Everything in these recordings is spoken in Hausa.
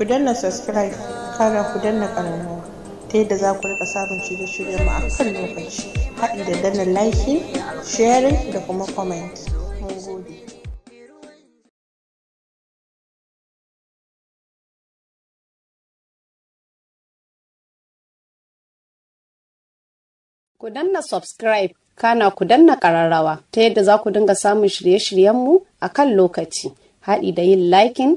ku danna subscribe kara ku danna ƙararrawa ta yadda za ku rika samun shirye shiryen mu a kan lokaci haɗi da danna like sharing da kuma comment mun gode Ku danna subscribe kana ku danna ƙararrawa ta yadda za ku dinga samun shirye-shiryenmu a kan lokaci, haɗi da yin liking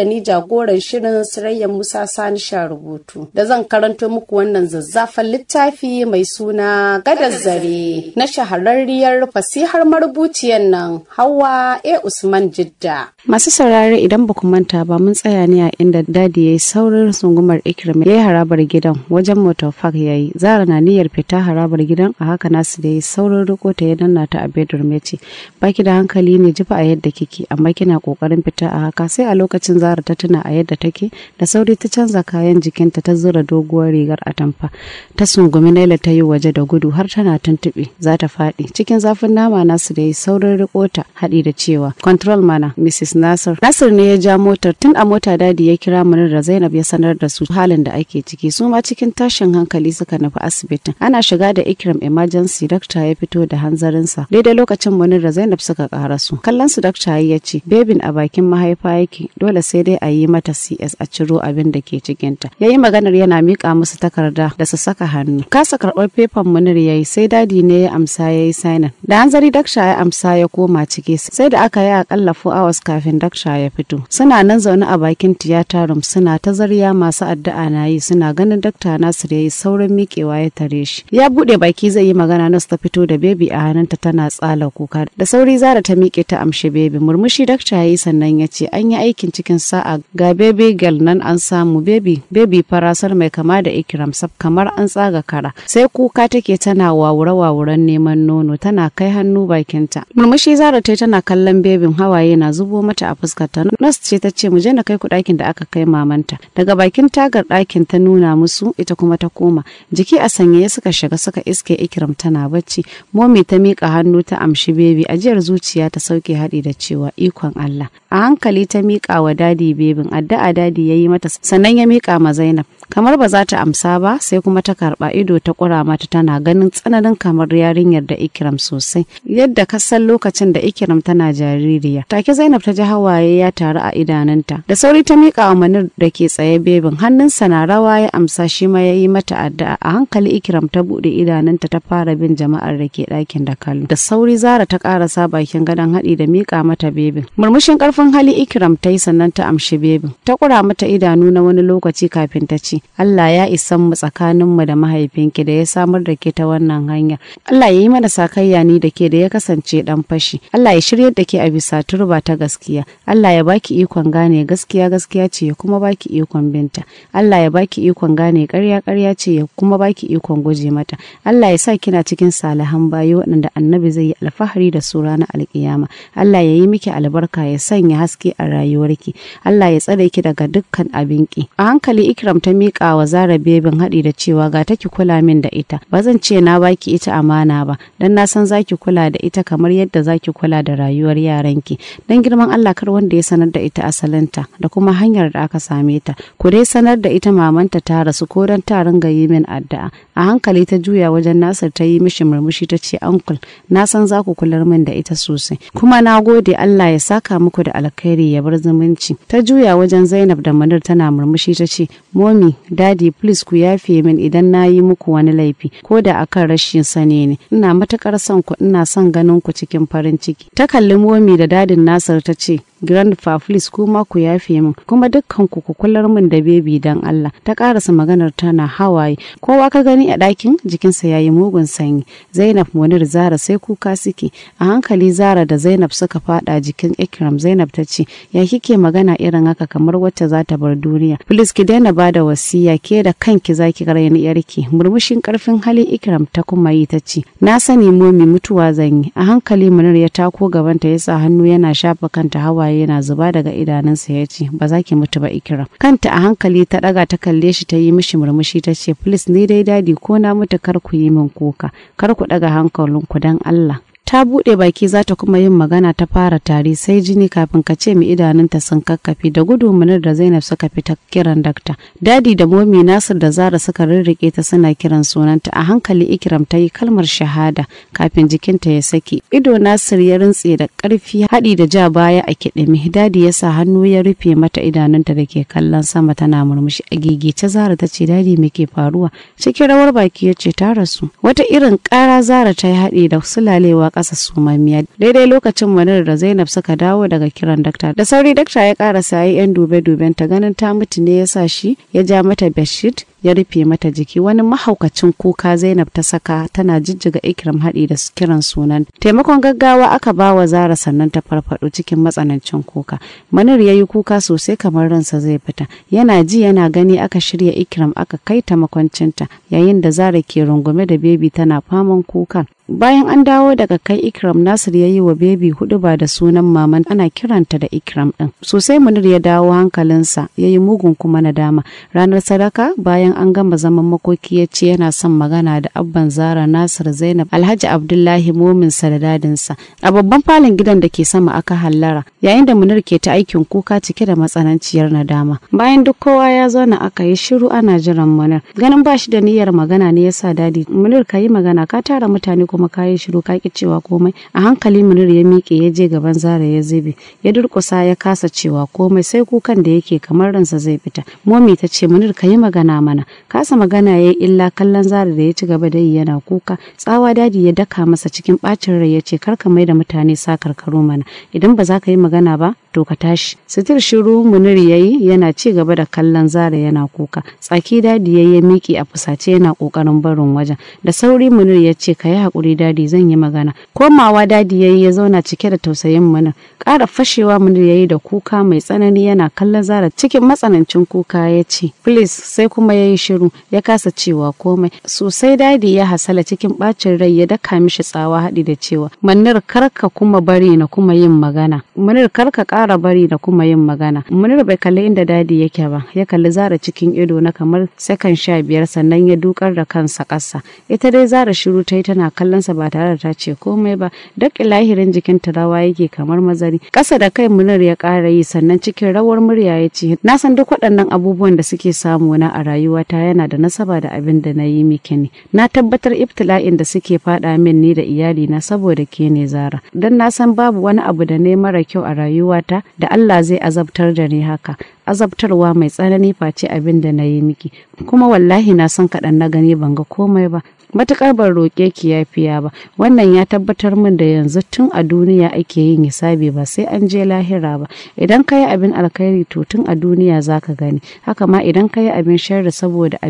da ni jagoran shirin Sirayya Musa Sani sha rubutu da zan karanto muku wannan zazzafan littafi mai suna Gadar Zare na shahararriyar fasihar marubuciyar nan Hawa A Usman Jidda. Masu saurari idan ba ku manta ba mun tsaya ne a inda dadi ya yi saurin sungumar ikirmi ya yi harabar gidan wajen motofak ya yi zara na niyyar fita harabar gidan a haka nasu da ya saurin riko ta ya danna ta a bedroom ya ce baki da hankali ne jifa a yadda kike amma kina kokarin fita a haka sai a lokacin za Zara ta tuna a yadda take da sauri ta canza kayan jikinta ta zura doguwar rigar atamfa ta sungumi Naila ta yi waje da gudu har tana tuntuɓe za ta faɗi cikin zafin nama Nasir ya yi saurin rikota haɗi da cewa control mana Mrs Nasir Nasir ne ya ja motar tun a mota dadi ya kira mu da Zainab ya sanar da su halin da ake ciki su ma cikin tashin hankali suka nufi asibitin ana shiga da Ikram emergency doctor ya fito da hanzarinsa daidai lokacin munin da Zainab suka karasu kallon su doctor ya ce bebin a bakin mahaifa yake dole sai sai dai a yi mata cs a ciro abin da ke cikinta ya yi maganar yana mika musu takarda da su saka hannu kasa karɓar fefan munir ya yi sai dadi ne ya amsa ya yi sainin da hanzari daksha ya amsa ya koma ciki sai da aka yi akalla fo hours kafin daksha ya fito suna nan zaune a bakin Tiyatarum. room suna ta zariya masu addu'a na yi suna ganin dakta nasir ya yi saurin miƙewa ya tare shi ya buɗe baki zai yi magana su ta fito da bebi a hannunta tana tsala kuka da sauri zara ta miƙe ta amshi bebi murmushi dakta ya yi sannan ya ce an yi aikin cikin sa'a ga baby girl nan an samu baby baby farasar mai kama da ikram sab kamar an tsaga kara sai kuka take tana wawura wawuran neman nono tana kai hannu bakinta murmushi zara ta tana kallon bebin hawaye na zubo mata a fuskarta nas ce ta ce mu je na kai ku ɗakin da aka kai mamanta daga bakin tagar ɗakin ta nuna musu ita kuma ta koma jiki a sanyaye suka shiga suka iske ikram tana bacci momi ta miƙa hannu ta amshi bebi ajiyar zuciya ta sauke haɗi da cewa ikon Allah a hankali ta miƙa wa dadi bebin addu'a dadi ya yi mata sannan ya miƙa ma Zainab kamar ba za ta amsa ba sai kuma ta karɓa ido ta ƙura mata tana ganin tsananin kamar yarinyar da Ikram sosai yadda ka lokacin da Ikram tana jaririya take Zainab ta ji hawaye ya taru a idanunta da sauri ta miƙa wa Manir da ke tsaye bebin hannunsa na rawa ya amsa shi ma ya yi mata addu'a a hankali Ikram ta buɗe idanunta ta fara bin jama'ar da ke ɗakin da kallo da sauri Zara ta ƙarasa bakin gadon haɗi da miƙa mata bebin murmushin ƙarfin hali Ikram ta yi sannan ta ta amshi bebi ta kura mata idanu na wani lokaci kafin ta ce Allah ya isan mu tsakanin mu da mahaifinki da ya samar da ke ta wannan hanya Allah ya yi mana sakayya ni da ke da ya kasance dan fashi Allah ya shiryar da ke a bisa turba ta gaskiya Allah ya baki ikon gane gaskiya gaskiya ce ya kuma baki ikon binta Allah ya baki ikon gane ƙarya ƙarya ce ya kuma baki ikon guje mata Allah ya sa kina cikin salihan bayi waɗanda annabi zai yi alfahari da su ranar alkiyama Allah ya yi miki albarka ya sanya haske a rayuwarki Allah ya tsare ki daga dukkan abin ki a hankali Ikram ta miƙa wa Zara bebin haɗi da cewa ga ta ki kula min da ita ba zan ce na baki ita amana ba dan na san zaki kula da ita kamar yadda zaki kula da rayuwar yaranki dan girman Allah kar wanda ya sanar da ita asalinta da kuma hanyar da aka same ta ku dai sanar da ita mamanta ta rasu ko dan ta ringa yi min addu'a a hankali ta juya wajen Nasir ta yi mishi murmushi ta ce uncle na san za ku kular min da ita sosai kuma na gode Allah ya saka muku da alkhairi ya bar zumunci ta juya wajen zainab da manar tana murmushi ta ce momi dadi please ku yafe min idan na yi muku wani laifi ko da akan rashin sani ne ina matukar son ku ina son ganin ku cikin farin ciki ta kalli momi da dadin nasir ta ce grandpa please kuma ku yafe min kuma dukkan ku ku kullar min da bebi dan Allah ta karasa maganar tana hawaye kowa ka gani a ɗakin jikinsa yayi mugun sanyi Zainab Munir Zara sai kuka suke a hankali Zara da Zainab suka fada jikin Ikram Zainab ta ce ya kike magana irin haka kamar wacce za ta bar duniya please ki daina bada wasiya ke da kanki zaki raini yarki murmushin karfin hali Ikram ta kuma yi ta ce na sani momi mutuwa zanyi. a hankali Munir ya tako gabanta ya sa hannu yana shafa kanta hawaye yana zuba daga idanunsa ya ce ba za ki mutu ba ikira kanta a hankali ta daga ta kalle shi ta yi mishi murmushi ta ce please ni dai dadi ko na mutu kar ku yi min kuka kar ku daga hankalinku dan Allah ta buɗe baki za ta kuma yin magana ta fara tari sai jini kafin ka ce mi idanunta sun kakkafi. da gudu da zainab suka fi ta kiran dakta dadi da momi nasir da zara suka rirrike ta suna kiran sunanta a hankali Ikiram ta yi kalmar shahada kafin jikinta ya saki ido nasir ya rintse da ƙarfi haɗi da ja baya a kiɗimi dadi ya sa hannu ya rufe mata idanunta da ke kallon sama tana murmushi a gigice zara ta ce dadi me ke faruwa cikin rawar baki ya ce ta rasu wata irin ƙara zara ta yi haɗi da sulalewa ƙasa sumammiya daidai lokacin Manar da zainab suka dawo daga kiran dakta da sauri dakta ya ƙara yi yan dube duben ta ganin ta mutu ne ya sa shi ya ja mata bedsheet ya rufe mata jiki wani mahaukacin kuka zainab ta saka tana jijjiga ikram haɗi da kiran sunan taimakon gaggawa aka ba wa zara sannan ta farfaɗo cikin matsanancin kuka manir ya yi kuka sosai kamar ransa zai fita yana ji yana gani aka shirya ikram aka kai ta makwancinta yayin da zara ke rungume da bebi tana faman kukan bayan an dawo daga kai ikram nasir ya yi wa bebi hudu ba da sunan maman ana kiranta da ikram din sosai munir ya dawo hankalinsa ya yi mugun kuma dama ranar sadaka bayan bayan an gama zaman makoki ya ce yana son magana da abban zara nasir zainab alhaji abdullahi momin da dadinsa a babban falon gidan da ke sama aka hallara yayin da munir ke ta aikin kuka cike da matsananciyar nadama bayan duk kowa ya zauna aka yi shiru ana jiran munir ganin ba shi da niyyar magana ne yasa dadi munir ka yi magana ka tara mutane kuma ka yi shiru ka ki cewa komai a hankali munir ya miƙe ya je gaban zara ya zube ya durƙusa ya kasa cewa komai sai kukan da yake kamar ransa zai fita momi ta ce munir ka yi magana mana magana kasa magana ya yi illa kallon zara da ya ci gaba da yi yana kuka tsawa dadi ya daka masa cikin bacin rai ya ce kar ka mai da mutane sakar karo mana idan ba za ka yi magana ba to tashi sitir shiru munir yayi yana ci gaba da kallon zara yana kuka tsaki dadi ya yayi miki a fusace yana kokarin barin wajen da sauri munir ya ce ka yi hakuri dadi zan yi magana komawa dadi yayi ya zauna cike da tausayin munir ƙara fashewa munir yayi da kuka mai tsanani yana kallon zara cikin matsanancin kuka ya ce please sai kuma yayi shiru ya kasa cewa komai sosai dadi ya hasala cikin bacin rai ya daka mishi tsawa haɗi da cewa munir karka kuma bari na kuma yin magana munir karka ƙara bari da kuma yin magana munir bai kalli inda dadi yake ba ya kalli zara cikin ido na kamar sakan sha biyar sannan ya dukar da kansa ƙasa ita dai zara shiru ta yi tana kallon sa ba tare da ta ce komai ba duk ilahirin jikin ta rawa yake kamar mazari ƙasa da kai munir ya ƙara yi sannan cikin rawar murya ya ce na san duk waɗannan abubuwan da suke samu na a rayuwata yana da nasaba da abin da na yi miki ne na tabbatar ibtila'in da suke faɗa min ni da iyalina saboda ke ne zara don na san babu wani abu da ne mara kyau a rayuwata mata da Allah zai azabtar da ni haka azabtarwa mai tsanani face abin da na yi miki kuma wallahi na san kaɗan na gani ban ga komai ba Matukar ban roƙe ki yafiya ba wannan ya tabbatar min da yanzu tun a duniya ake yin hisabi ba sai an je lahira ba idan ka yi abin alkhairi to tun a duniya za ka gani haka ma idan ka yi abin sharri saboda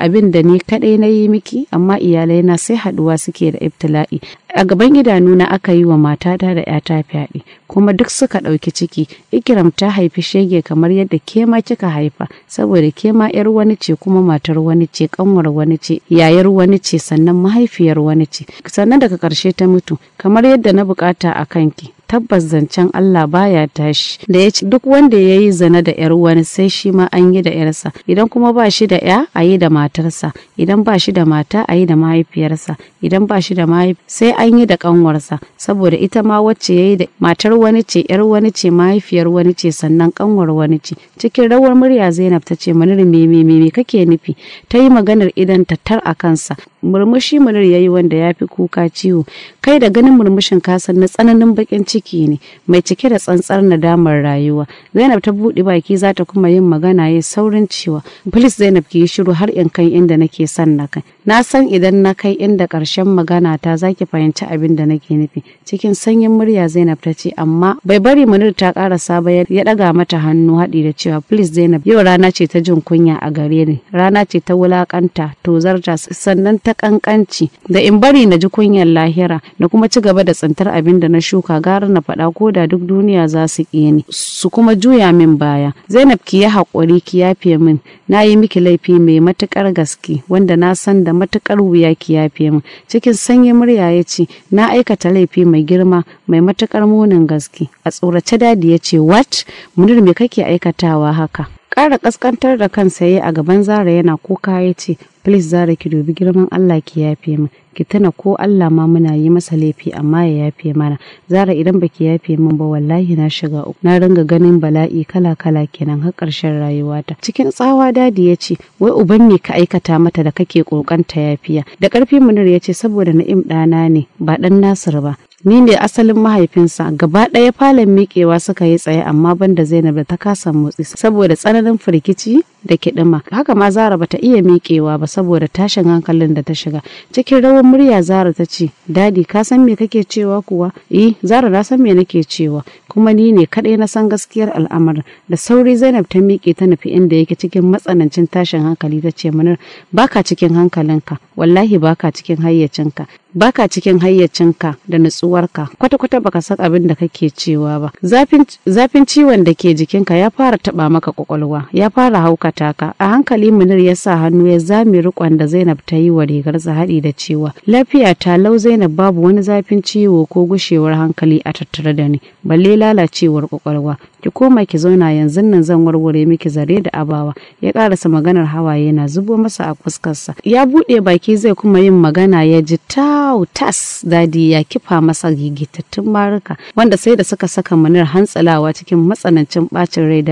abin da ni kaɗai na yi miki amma iyalai na sai haɗuwa suke da ibtila'i a gaban na aka yi wa matata da ‘yata fyaɗe kuma duk suka ɗauki ciki ikiram ta haifi shege kamar yadda ke ma kika haifa saboda ke ma ‘yar wani ce kuma matar wani ce kanwar wani ce yayar wani ce sannan mahaifiyar wani ce sannan daga karshe ta mutu kamar yadda na bukata a kanki tabbas zancen Allah baya tashi da ya ce duk wanda ya yi zana da yar wani sai shi ma an yi da yarsa idan kuma ba shi da ya a yi da matarsa idan ba shi da mata a yi da mahaifiyarsa idan ba shi da mahaifi sai an yi da kanwarsa saboda ita ma wacce ya yi da matar wani ce yar wani ce mahaifiyar wani ce sannan kanwar wani ce cikin rawar murya Zainab ta ce mani me me me kake nufi ta yi maganar idan tattar a kansa murmushi munir ya wanda ya fi kuka ciwo kai da ganin murmushin kasan na tsananin bakin ciki ne mai cike da tsantsar nadamar rayuwa zainab ta buɗe baki za ta kuma yin magana ya saurin cewa please zainab ki yi shiru har in kai inda nake son na kai na san idan na kai inda ƙarshen magana ta zaki fahimci abin da nake nufi cikin sanyin murya zainab ta ce amma bai bari munir ta ƙarasa ba ya ɗaga mata hannu haɗi da cewa please zainab yau rana ce ta jin kunya a gare ni rana ce ta wulaƙanta tozarta sannan ta ƙanƙanci da in bari na ji kunyar lahira na kuma ci gaba da tsintar abin da na shuka gara na faɗa ko da duk duniya za su ƙi ni su kuma juya min baya zainab ki yi haƙuri ki yafe min na yi miki laifi mai matuƙar gaske wanda na san da matuƙar wuya ki yafe min cikin sanyi murya ya ce na aikata laifi mai girma mai matuƙar munin gaske a tsorace dadi ya ce what munir me kake aikatawa haka Kara ƙasƙantar da kansa yayi a gaban zara yana kuka ya ce please zara ki dubi girman allah ki yafe min ki tuna ko allah ma muna yi masa laifi amma ya yafe mana zara idan baki yafe min ba wallahi na shiga uku na ringa ganin bala'i kala kala kenan har ƙarshen rayuwata cikin tsawa dadi ya ce wai uban me ka aikata mata da kake kokanta yafiya da karfi munir ya ce saboda na'im ɗana ne ba ɗan nasir ba ni ne asalin mahaifinsa gaba ɗaya falon miƙewa suka yi tsaye amma banda zainab da ta kasa motsi saboda tsananin firgici da kiɗima haka ma zara bata iya miƙewa ba saboda tashin hankalin da ta shiga cikin rawar murya zara ta ce dadi ka san me kake cewa kuwa eh zara na san me nake cewa kuma ni ne kaɗai na san gaskiyar al'amarin da sauri zainab ta miƙe ta nufi inda yake cikin matsanancin tashin hankali ta ce mana baka cikin hankalinka wallahi baka cikin hayyacinka baka cikin hayyacinka da nutsuwarka kwata-kwata baka san abin da kake cewa ba zafin ciwon da ke jikinka ya fara taba maka kwakwalwa ya fara haukata ka a hankali munir ya sa hannu ya zame rikon da zainab ta yi wa rigar zahadi da cewa lafiya ta lau zainab babu wani zafin ciwo ko gushewar hankali a tattare da ni balle lalacewar kwakwalwa ki koma ki zauna yanzu nan zan warware miki zare da abawa ya karasa maganar hawaye na zubo masa a fuskarsa ya buɗe baki zai kuma yin magana ya ji tau tas dadi ya kifa masa gigitattun maruka wanda sai da suka saka manar hantsalawa cikin matsanancin bacin rai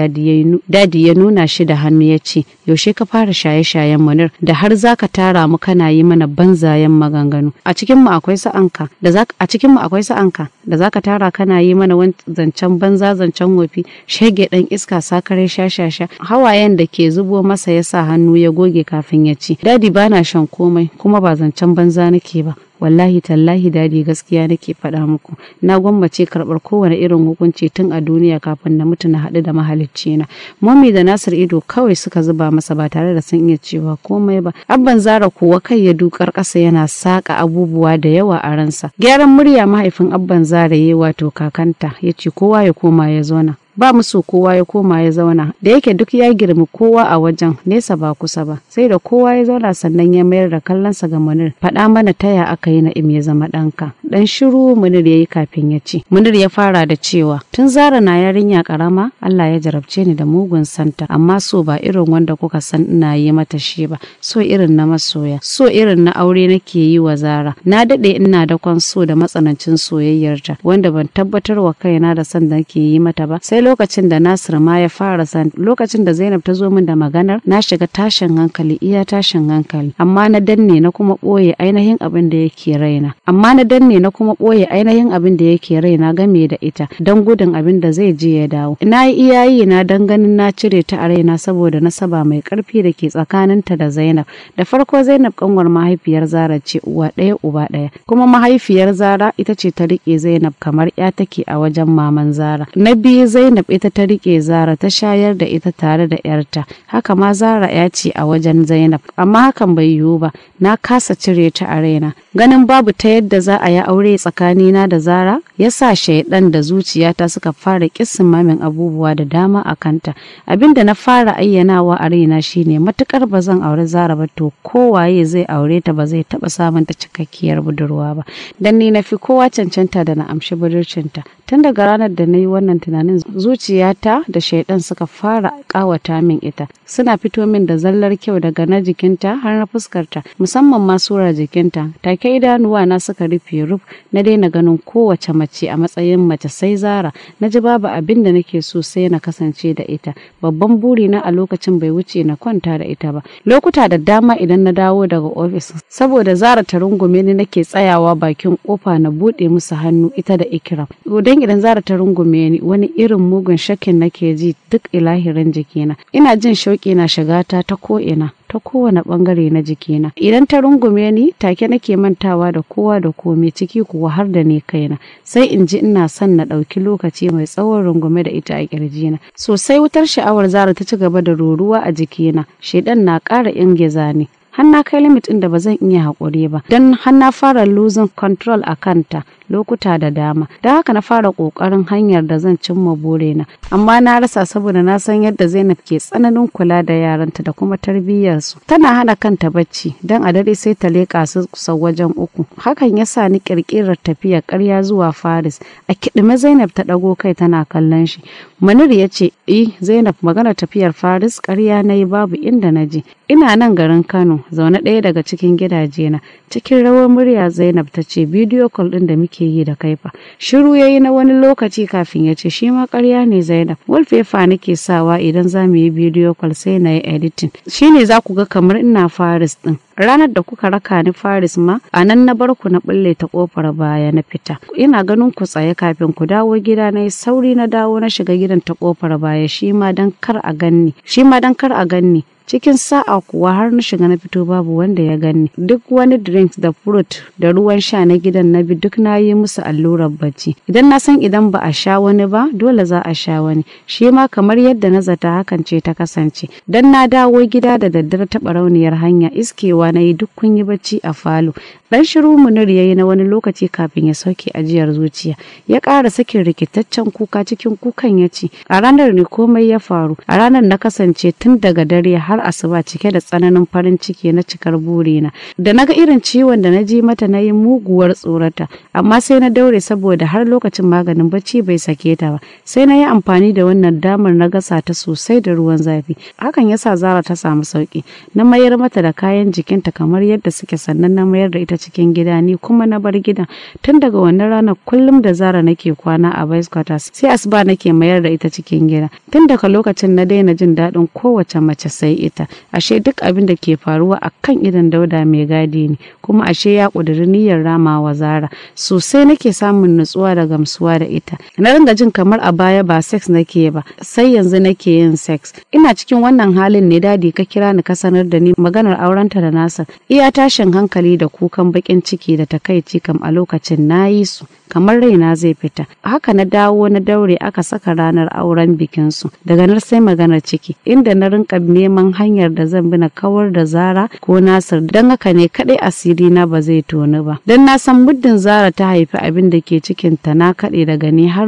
dadi ya nuna shi da hannu ya ce yaushe ka fara shaye-shayen manar da har zaka tara mu kana yi mana banzayen maganganu a cikin mu akwai sa'anka da a cikin mu akwai sa'anka da zaka tara kana yi mana zancen banza zancen wofi, shege dan iska sakare shashasha hawayen da ke zubo masa ya sa hannu ya goge kafin ya ci dadi bana shan komai kuma ba zancen banza nake ba wallahi tallahi dadi gaskiya nake faɗa muku na gwammace karɓar kowane irin hukunci tun a duniya kafin na mutu na haɗu da mahalicci na mommy da nasir ido kawai suka zuba masa ba tare da sun iya cewa komai ba abban zara kuwa kai ya dukar ƙasa yana saƙa abubuwa da yawa a ransa gyaran murya mahaifin abban zara yayi wato kakanta yace kowa ya koma ya zauna ba mu so kowa ya koma ya zauna da yake duk ya girmi kowa a wajen nesa ba kusa ba sai da kowa ya zauna sannan ya mayar da kallonsa ga munir faɗa mana taya aka yi na'im ya zama ɗanka Ɗan shiru munir ya yi kafin ya ci. munir ya fara da cewa tun zara na yarinya karama allah ya jarabce ni da mugun santa amma so ba irin wanda kuka san ina yi mata shi ba so irin na masoya so irin na aure nake yi wa zara na daɗe ina da kwan so da matsanancin soyayyarta wanda ban tabbatar wa kaina da san da nake yi mata ba sai lokacin da Nasir ma ya fara san lokacin da Zainab ta zo min da maganar na shiga tashin hankali iya tashin hankali amma na danne na kuma ɓoye ainihin abin da yake raina amma na danne na kuma ɓoye ainihin abin da yake raina game da ita dan gudun abin da zai je ya dawo na yi iyayi na dan ganin na cire ta a raina saboda nasaba mai karfi da ke tsakaninta da Zainab da farko Zainab kanwar mahaifiyar Zara ce uwa ɗaya uba ɗaya kuma mahaifiyar Zara ita ce ta riƙe Zainab kamar ya take a wajen maman Zara na biyu Zainab Zainab ita ta rike Zara ta shayar da ita tare da ‘yarta, haka ma Zara ya ce a wajen Zainab, amma hakan bai yiwu ba, na kasa cire ta a raina. Ganin babu ta yadda za a yi aure tsakanina da Zara, ya sa shaidan da zuciyata suka fara kissin mamin abubuwa da dama a kanta. Abinda na fara ayyanawa a raina shine matukar ba zan aure Zara ba to kowaye zai aure ta ba zai taba samun ta cikakkiyar budurwa ba. Dan ni na fi kowa cancanta da na amshi budurcinta. Tun daga ranar da na yi wannan tunanin zuciyata da shaidan suka fara kawata min ita suna fito min da zallar kyau daga na jikinta har na fuskarta musamman ma sura jikinta take idanuwa na suka rufe ruf na daina ganin kowace mace a matsayin mace sai zara na ji babu abin da nake so sai na kasance da ita babban buri na a lokacin bai wuce na kwanta da ita ba lokuta da dama idan na dawo daga ofis saboda zara ta rungume ni nake tsayawa bakin kofa na buɗe musu hannu ita da ikiram don idan zara ta rungume ni wani irin mugun shakin nake ji duk ilahirin jikina ina jin shauƙi na shiga ta ko'ina ta kowane bangare na jikina idan ta rungume ni take nake mantawa da kowa da komai ciki kuwa har da ni kaina sai in ji ina son na ɗauki lokaci mai tsawon rungume da ita a kirjina sosai wutar sha'awar zara ta ci gaba da roruwa a jikina shedan na ƙara ingiza ni har na kai limit ɗin da ba zan iya haƙuri ba don har na fara losing control a kanta lokuta da dama don haka na fara ƙoƙarin hanyar da zan cimma burina amma na rasa saboda na san yadda zainab ke tsananin kula da yaranta da kuma tarbiyyarsu tana hana kanta bacci don a dare sai ta leƙa su kusan wajen uku hakan ya sa ni ƙirƙirar tafiyar ƙarya zuwa faris a kiɗime zainab ta ɗago kai tana kallon shi manir ya ce i eh, zainab magana tafiyar faris ƙarya na yi babu inda na je ina nan garin kano zaune ɗaya daga cikin gidajena. cikin rawar murya zainab ta ce bidiyo kol ɗin da muke ake yi da kai fa shiru yayi na wani lokaci kafin ya ce shi ma ƙarya ne Zainab wallpaper nake sawa idan za mu yi bidiyo kwal sai na yi editing shine za ku ga kamar ina Faris ɗin? ranar da kuka raka ni Faris ma a nan na bar ku na bulle ta kofar baya na fita ina ganin ku tsaye kafin ku dawo gida na yi sauri na dawo na shiga gidan ta kofar baya shi ma dan kar a ganni shi ma dan kar a ganni cikin sa'a kuwa har na shiga na fito babu wanda ya gani duk wani drink da fruit da ruwan sha na gidan na bi duk na yi musu allurar bacci idan na san idan ba a sha wani ba dole za a sha wani shi ma kamar yadda na zata hakan ce ta kasance dan na dawo gida da daddare taɓa rauniyar hanya iskewa na yi duk kun yi bacci a falo dan shiru munir yayi na wani lokaci kafin ya sauke ajiyar zuciya ya ƙara sakin rikitaccen kuka cikin kukan ya ce a ranar ne komai ya faru a ranar na kasance tun daga dare har har asuba cike da tsananin farin ciki na cikar burina da naga irin ciwon da na ji mata na yi muguwar tsorata amma sai na daure saboda har lokacin maganin bacci bai sake ta ba sai na yi amfani da wannan damar na gasa ta sosai da ruwan zafi hakan yasa zara ta samu sauki na mayar mata da kayan jikinta kamar yadda suke sannan na mayar da ita cikin gida ni kuma na bar gida. tun daga wannan ranar kullum da zara nake kwana a vice quarters sai asuba nake mayar da ita cikin gida tun daga lokacin na daina jin daɗin kowace mace sai ita ashe duk abin da ke faruwa a kan idon dauda mai gadi ne kuma ashe ya ƙudiri niyyar Rama wa zara sosai nake samun nutsuwa da gamsuwa da ita na ringa jin kamar a baya ba sex nake ba sai yanzu nake yin sex ina cikin wannan halin ne dadi ka kira ni ka sanar da ni maganar aurenta da nasa iya tashin hankali da kukan bakin ciki da takaici kam a lokacin Na yi su kamar raina zai fita haka na dawo na daure aka saka ranar auren bikinsu. daga nan sai maganar ciki inda na rinka neman hanyar da zan bi na kawar da Zara ko Nasir dan haka ne kadai asiri asiri na ba zai toni ba dan na san muddin zara ta haifi abin da ke cikin ta na kaɗe daga ni har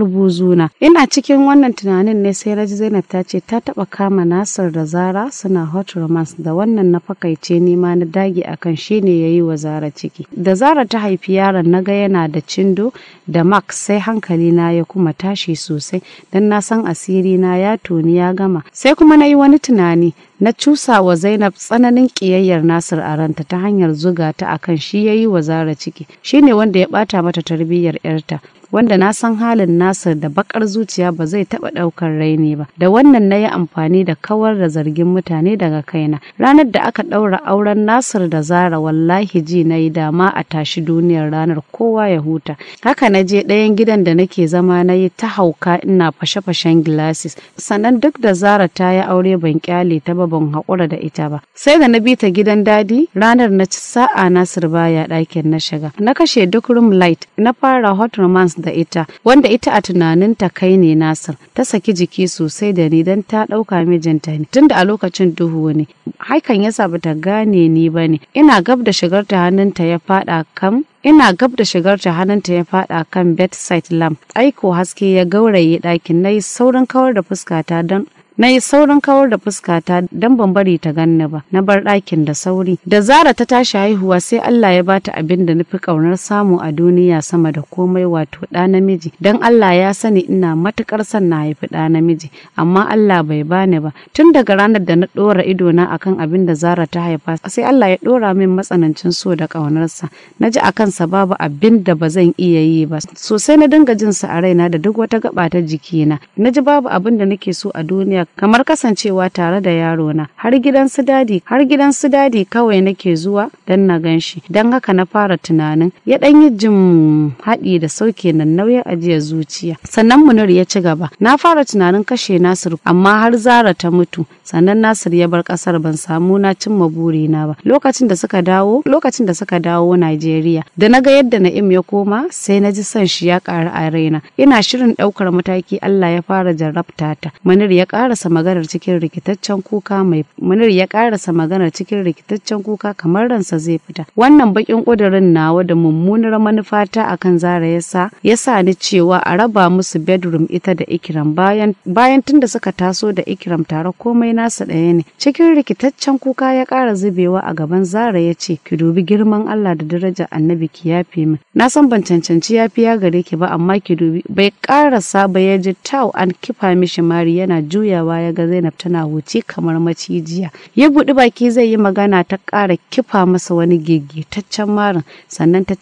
na. ina cikin wannan tunanin ne sai raji zainab ta ce ta taɓa kama nasir da zara suna hot romance da wannan na fakaice ni ma na dage akan shine yayi wa zara ciki da zara ta haifi yaron na ga yana da cindo da max sai hankali na ya kuma tashi sosai dan na san asiri na ya toni ya gama sai kuma na yi wani tunani na cusa wa zainab tsananin ƙiyayyar nasir a ranta ta hanyar zuga ta akan shi ya yi wa zara ciki shi ne wanda ya ɓata mata tarbiyyar yarta wanda na san halin nasa da bakar zuciya ba zai taɓa ɗaukar raini ba da wannan na yi amfani da kawar da zargin mutane daga kaina ranar da aka ɗaura auren nasir da zara wallahi ji na yi dama a tashi duniyar ranar kowa ya huta haka na je ɗayan gidan da nake zama na yi ta hauka ina fashe-fashen gilasis sannan duk da zara ta yi aure ban kyale ta ba ban haƙura da ita ba sai da na bi ta gidan dadi ranar na ci sa'a nasir baya ɗakin na shiga na kashe duk room light na fara hot romance da ita wanda ita a tunaninta kai ne Nasir ta saki jiki sosai da ni don ta ɗauka mijinta ne tunda a lokacin duhu ne hakan yasa bata gane ni ne ina gab da shigar ta hannunta ya faɗa kam ina gab da shigar ta hannunta ya fada kan bedside lamp aiko haske ya gauraye ɗakin na yi saurin kawar da fuskata don na yi saurin kawar da fuskata don ban bari ta ganni ba na bar ɗakin da sauri da zara ta tashi haihuwa sai Allah ya bata abin da nufi ƙaunar samu a duniya sama da komai wato ɗa namiji don Allah ya sani ina matuƙar son na haifi ɗa namiji amma Allah bai bani ba tun daga ranar da na ɗora idona akan abin da zara ta haifa sai Allah ya ɗora min matsanancin so da ƙaunarsa na ji a kansa babu abin da ba zan iya yi ba sosai na dinga jin sa a raina da duk wata gaba ta jikina na ji babu abin da nake so a duniya kamar kasancewa tare da yaro na har gidan su dadi har gidan su dadi kawai nake zuwa dan na gan shi dan haka na fara tunanin ya dan yi jin haɗi da sauke nan nauyin ajiyar zuciya sannan munir ya ci gaba na fara tunanin kashe nasir amma har zara ta mutu sannan nasir ya bar kasar ban samu na cimma burina ba lokacin da suka dawo lokacin da suka dawo Najeriya da na ga yadda Na'im ya koma sai na ji son shi ya ƙara a raina ina shirin ɗaukar mataki Allah ya fara jarrabta ta Munir ya ƙara ƙarasa maganar cikin rikitaccen kuka mai munir ya karasa maganar cikin rikitaccen kuka kamar ransa zai fita wannan bakin ƙudurin nawa da mummunar manufata akan zara yasa yasa ni cewa a raba musu bedroom ita da ikiram bayan bayan tunda suka taso da ikiram tare komai nasa ɗaya ne cikin rikitaccen kuka ya ƙara zubewa a gaban zara ya ce ki dubi girman Allah da daraja annabi ki yafe min na san ban cancanci yafiya gare ki ba amma ki dubi bai ƙarasa ba ya ji tau an kifa mishi mari yana juyawa juyawa ya ga Zainab tana wuce kamar macijiya. Ya buɗi baki zai yi magana ta ƙara kifa masa wani gegetaccen marin sannan ta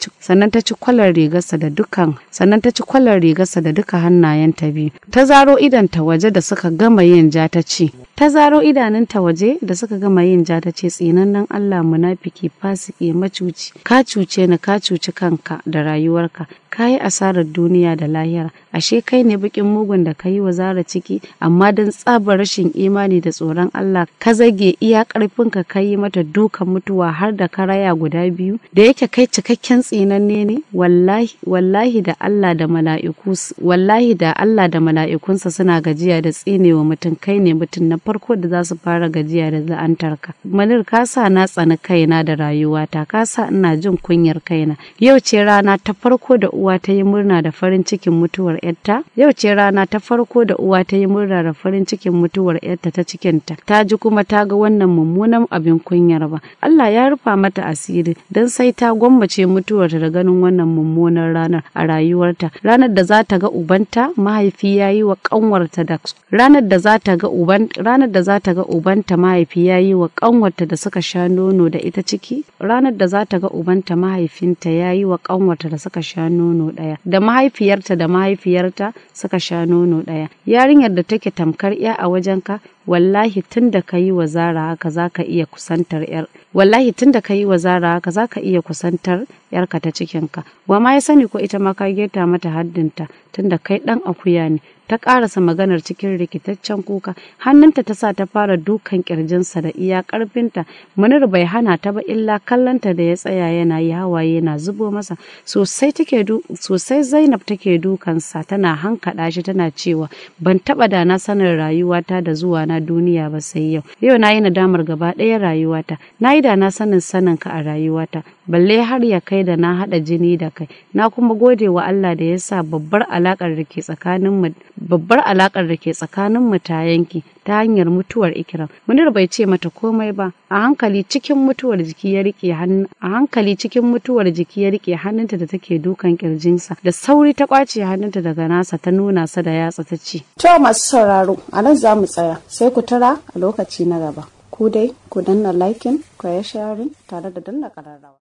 ci kwalar rigarsa da dukan sannan ta ci kwalar rigarsa da duka hannayenta biyu. Ta zaro idanta waje da suka gama yin ja ta ce. Ta zaro idanunta waje da suka gama yin ja ta ce tsinannen Allah munafiki fasike macuci ka cuce ni ka cuci kanka da rayuwarka ka yi asarar duniya da lahira ashe kai ne bikin mugun da ka yi wa zara ciki amma don tsabar rashin imani da tsoron Allah ka zage iya karfinka ka yi mata dukan mutuwa har da ka raya guda biyu da yake kai cikakken tsinanne ne wallahi wallahi da Allah da mala'iku wallahi da Allah da mala'ikunsa suna gajiya da tsinewa mutum kai ne mutum na farko da za su fara gajiya da za'antarka. manir ka sa na tsani kaina da rayuwata ka sa ina jin kunyar kaina yau ce rana ta farko da uwa ta yi murna da farin cikin mutuwar ‘yarta? Yau ce rana ta farko da uwa ta yi murna da farin cikin mutuwar ‘yarta ta cikinta. Ta ji kuma ta ga wannan mummunan abin kunyar ba. Allah ya rufa mata asiri don sai ta gwammace mutuwarta da ganin wannan mummunar ranar a rayuwarta. Ranar da za ta ga ubanta mahaifi ya yi wa kanwarta da ranar da za ta ga uban ranar da za ta ga ubanta mahaifi ya yi wa kanwarta da suka sha nono da ita ciki ranar da za ta ga ubanta mahaifinta ya yi wa kanwarta da suka sha nono ɗaya. da mahaifiyarta da mahaifiyarta mahaifiyarta suka sha nono ɗaya yarinyar da take tamkar ya a wajen wallahi tun da ka yi wa zara haka za ka iya kusantar yar wallahi tun da ka yi wa zara haka za ka iya kusantar yarka ta cikinka wa ma ya sani ko ita ma ka geta mata haddinta tun da kai ɗan akuya ne ta ƙarasa maganar cikin rikitaccen kuka hannunta ta sa ta fara dukan kirjinsa da iya ƙarfinta munir bai hana ta ba illa kallonta da ya tsaya yana yi hawaye yana zubo masa sosai take sosai zainab take dukansa tana hankaɗa shi tana cewa ban taɓa da na sanin rayuwata da zuwa na duniya ba sai yau yau na yi nadamar gaba ɗaya rayuwata na yi da na sanin sanin ka a rayuwata balle har ya kai da na haɗa jini da kai na kuma gode wa Allah da ya sa babbar alaƙar da ke tsakaninmu babbar alakar da ke tsakanin mu ta yanki ta hanyar mutuwar ikiram munir bai ce mata komai ba a hankali cikin mutuwar jiki ya rike hannu a hankali cikin mutuwar jiki ya rike hannunta da take dukan kirjinsa da sauri ta kwace hannunta daga nasa ta nuna sa da yatsa ta ce to masu sauraro a nan za mu tsaya sai ku tara a lokaci na gaba ku dai ku danna liking ku ya sharing tare da danna kararrawa